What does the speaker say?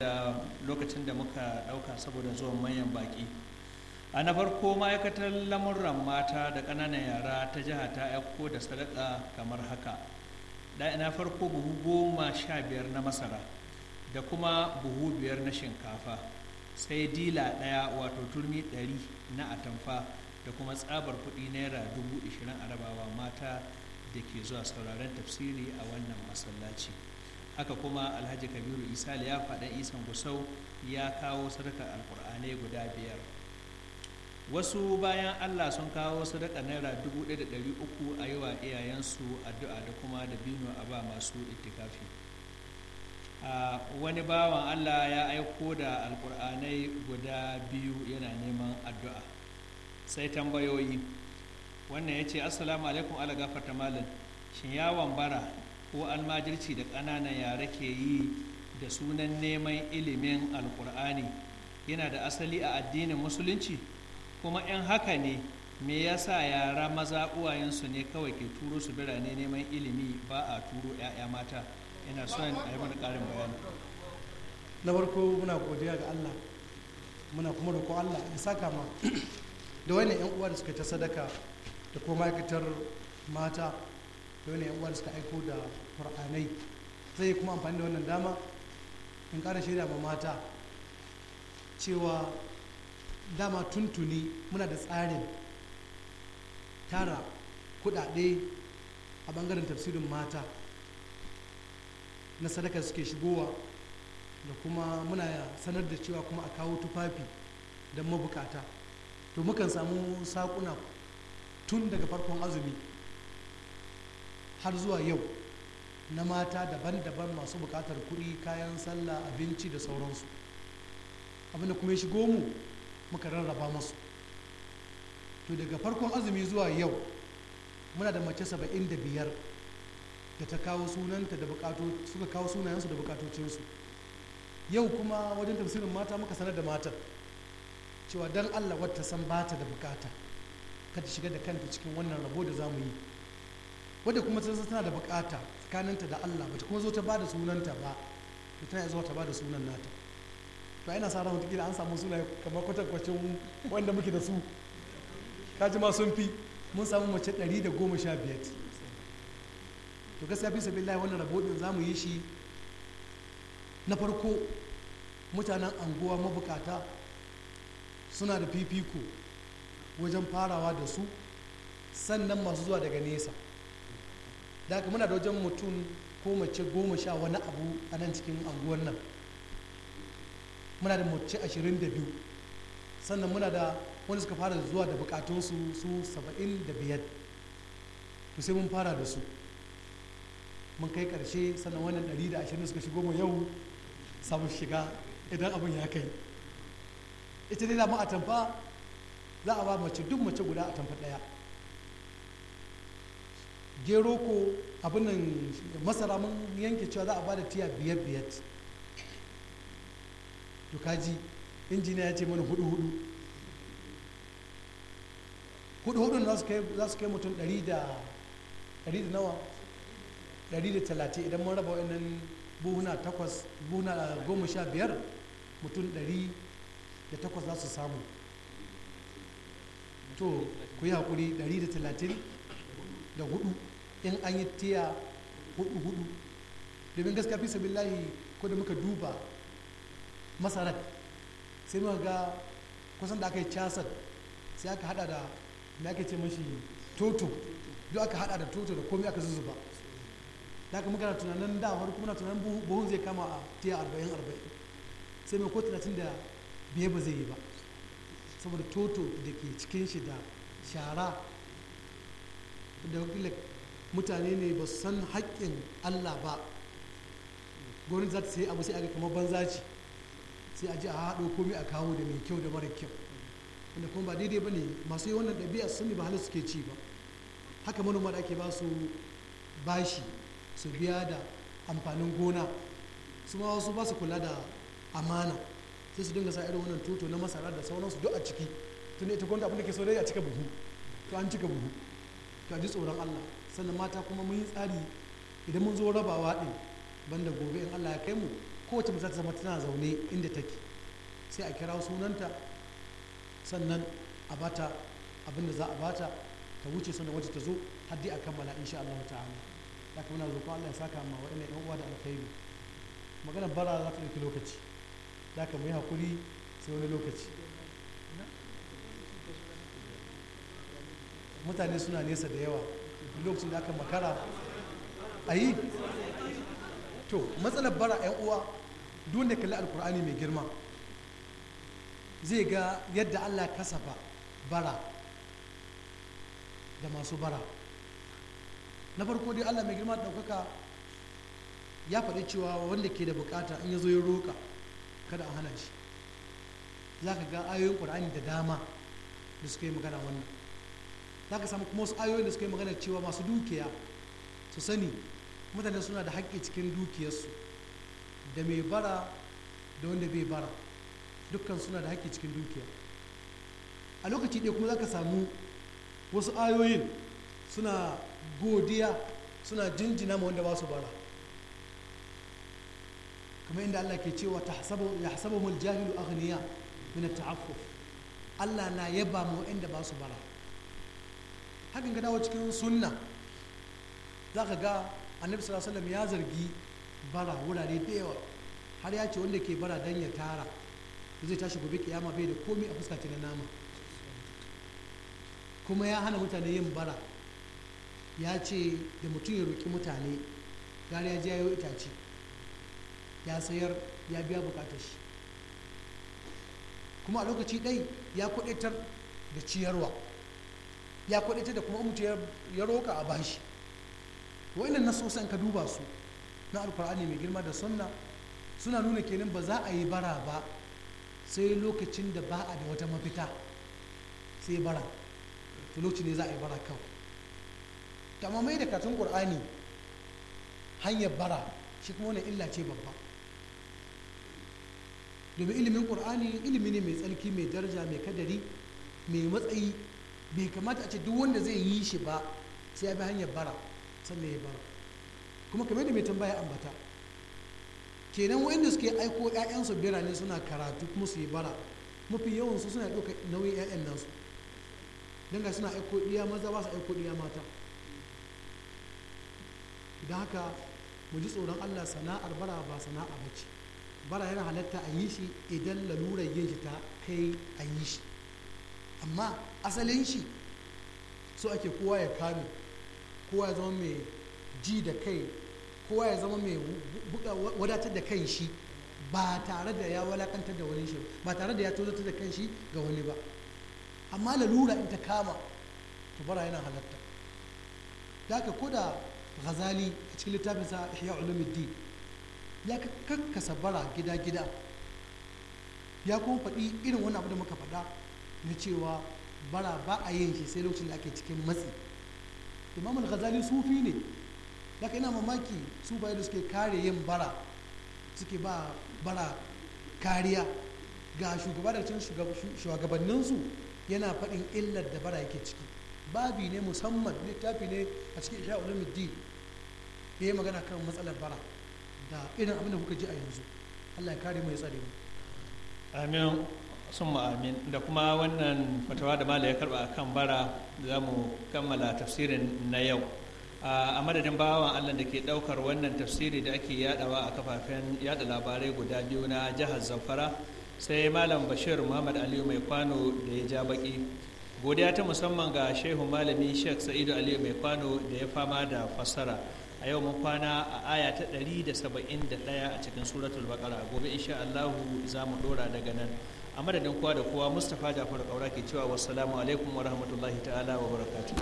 da lokacin da muka ɗauka saboda zuwan manyan baƙi a na farko ma'aikatar lamuran mata da ƙananan yara ta jiha ta aiko da sadaka kamar haka na farko buhu goma sha biyar na masara da kuma buhu biyar na shinkafa sai dila ɗaya wato turmi ɗari na atamfa da kuma tsabar kuɗi naira dubu ishirin a rabawa mata da ke zuwa sauraren tafsiri a wannan masallaci. haka kuma alhaji kabiru Isa, ya faɗa isan gusau ya kawo sadaka alƙur'anai guda biyar wasu bayan allah sun kawo sadaka naira dubu ɗaya da ɗari uku a yi wa iyayensu addu'a da kuma da bino a ba masu itikafi wani bawan allah ya aiko da alƙur'anai guda biyu yana neman addu'a sai tambayoyi wannan ya ce assalamu alaikum ala gafarta malam shin yawon bara ko almajirci da ƙananan yare ke yi da sunan neman ilimin alkur'ani yana da asali a addinin musulunci kuma in haka ne me yasa yara maza uwayensu ne kawai ke turo su birane neman ilimi ba a turo 'ya'ya mata ina son a yi mana ƙarin bayani na farko muna godiya ga allah muna kuma roƙo allah ya saka ma da wani 'yan uwa da suka ta sadaka da kuma ma'aikatar mata dole yan uwa suka aiko da qur'anai zai kuma amfani da wannan dama in kara shaida ma mata cewa dama tuntuni muna da tsarin tara kudade a bangaren tafsirin mata na sadaka suke shigowa da kuma muna sanar da cewa kuma a kawo tufafi don mabukata to mukan samu sakuna tun daga farkon azumi har zuwa yau na mata daban-daban masu bukatar kuɗi kayan sallah abinci da sauransu abinda kuma ya shigo mu muka rarraba masu to daga farkon azumi zuwa yau muna da mace saba'in da biyar ta kawo sunanta da bukato suka kawo sunayensu da bukatocinsu yau kuma wajen tafsirin mata muka sanar da matar cewa don allah wata san bata da bukata ka ta shiga da kanta cikin wannan rabo da za mu yi wadda kuma ta tana da bukata tsakaninta da Allah bata kuma zo ta bada sunanta ba ta tana zuwa ta bada sunan nata to ina sa ran wata an samu suna kamar kwatankwacin wanda muke da su ta ji ma sun fi mun samu mace 115 to gaskiya fi sabi lai wannan rabobin za mu yi shi na farko mutanen anguwa mabukata suna da fifiko wajen farawa da su sannan masu zuwa daga nesa da muna da wajen mutum ko mace goma sha wani abu a nan cikin anguwan nan muna da mace ashirin da biyu sannan muna da wani suka fara zuwa da bukatunsu su saba'in da biyar to sai mun fara da su mun kai karshe sannan wannan ɗari da ashirin suka shigo mu yau samu shiga idan abin ya kai ita dai dama a tamfa za a ba mace duk mace guda a tamfa ɗaya gero ko abin nan masara mun yanke cewa za a bada tiya biyar biyar to kaji injiniya ya ce mana hudu hudu hudu hudun za su kai mutum ɗari da ɗari da nawa ɗari da talatin idan mun raba wa'annan buhuna takwas buhuna goma sha biyar mutum ɗari da takwas za su samu to ku yi haƙuri ɗari da talatin da hudu in an yi tiya hudu hudu domin gaskiya fi sabillahi ko da muka duba masarar sai muka ga kusan da aka yi casar sai aka hada da me ake ce mashi toto duk aka hada da toto da komai aka zuzuba da aka muka tunanin da wani kuma tunanin buhun zai kama a tiya arba'in arba'in sai mai ko talatin da biye ba zai yi ba saboda toto da ke cikin shi da shara da mutane ne ba san haƙƙin allah ba gwamnati za ta sai abu sai a ga kamar banza ce sai a ji a haɗo komai a kawo da mai kyau da mara kyau wanda kuma ba daidai ba ne masu yi wannan ɗabi'a sun ne ba halin suke ci ba haka manoma da ake ba su bashi su biya da amfanin gona su ma wasu ba su kula da amana sai su dinga sa irin wannan tuto na masara da sauransu duk a ciki tun ita kwanta abin da ke so dai a cika buhu to an cika buhu ka ji tsoron Allah sannan mata kuma mun yi tsari idan mun zo rabawa din banda gobe in Allah ya kai mu kowace mace ta zama tana zaune inda take sai a kira sunanta sannan a bata abin da za a bata ta wuce sannan wacce ta zo har dai a kammala insha Allah ta'ala ya kuma na roƙon Allah ya saka ma wa'ina ƴan uwa da alkhairi magana bara za ta ɗauki lokaci da ka mu yi hakuri sai wani lokaci mutane suna nesa da yawa lokacin da aka makara a yi to matsalar bara 'yan uwa duk da kalli alkur'ani mai girma zai ga yadda allah kasafa bara da masu bara na farko dai allah mai girma da ɗaukaka ya faɗi cewa wanda ke da bukata in ya zo ya roƙa kada a hana shi za ka ga ayoyin ƙur'ani da dama da suka yi magana wannan za ka samu kuma wasu ayoyin da suka yi magana cewa masu dukiya su sani mutane suna da haƙƙi cikin dukiyarsu da mai bara da wanda bai bara dukkan suna da haƙƙi cikin dukiya a lokaci ɗaya kuma za ka samu wasu ayoyin suna godiya suna jinjina ma wanda ba su bara kamar inda Allah ke cewa ta hasabu mul jahilu aghniya min at Allah na yaba mu wanda ba su bara hakan ka dawo cikin sunna za ka ga annabi sallallahu alaihi ya zargi bara wurare da yawa har ya ce wanda ke bara dan ya tara zai tashi gobe kiyama bai da komai a fuska na nama kuma ya hana mutane yin bara ya ce da mutum ya roƙi mutane gari ya ji ya itace ya sayar ya biya bukatar shi kuma a lokaci ɗai ya kudaitar da ciyarwa ya ta da kuma mutu ya roka a bashi na sosai ka duba su na alkur'ani mai girma da sunna suna nuna kenan ba za a yi bara ba sai lokacin da ba a da wata mafita sai bara to lokacin ne za a yi bara kawai tamamai da katon ƙur'ani hanyar bara shi kuma wani illa ce babba domin ilimin ƙur'ani ilimi ne mai tsarki mai daraja mai kadari mai matsayi bai kamata a ce duk wanda zai yi shi ba sai ya bi hanyar bara sannan ya bara kuma kamar da mai tambaya ambata kenan wanda suke aiko 'ya'yansu birane suna karatu kuma su yi bara mafi yawansu suna ɗauka nauyin 'ya'yan nasu don ga suna aiko ɗiya maza ba su aiko ɗiya mata don haka mu ji tsoron allah sana'ar bara ba sana'a ba ce bara yana halatta a yi shi idan lalurar yin shi ta kai a yi shi amma asalin shi so ake kowa ya kame kowa ya zama mai ji da kai kowa ya zama mai wadatar da kan shi ba tare da ya walakantar da wani shi ba tare da ya tozatar da kan shi ga wani ba amma lalura in ta kama to bara yana halatta da aka ko da ghazali a cikin littafinsa ihya ulumiddi ya kakkasa bara gida-gida ya kuma faɗi irin wani abu da muka faɗa na cewa bara ba a yin shi sai lokacin da ake cikin matsi imam al-ghazali sufi ne daga ina mamaki su sufaye da suke kare yin bara suke ba bara kariya ga shugaba da shugabanninsu yana faɗin illar da bara yake ciki babi ne musamman littafi ne a cikin isha ulumuddin Ya ya magana kan matsalar bara da irin abin da kuka ji a yanzu allah ya kare mu ya tsare mu amin sun amin da kuma wannan fatawa da mala ya karba kan bara za mu kammala tafsirin na yau a madadin bawan allah da ke daukar wannan tafsiri da ake yadawa a kafafen yada labarai guda biyu na jihar zamfara sai malam bashir muhammad aliyu mai kwano da ya ja baki godiya ta musamman ga shehu malami sheikh sa'idu aliyu mai kwano da ya fama da fassara a yau mun kwana a aya ta 171 a cikin suratul baqara gobe insha Allah za mu dora daga nan a madadin kowa da kowa mustapha jafar kaura ke cewa salamu alaikum wa rahmatullahi ta'ala wa barakatu.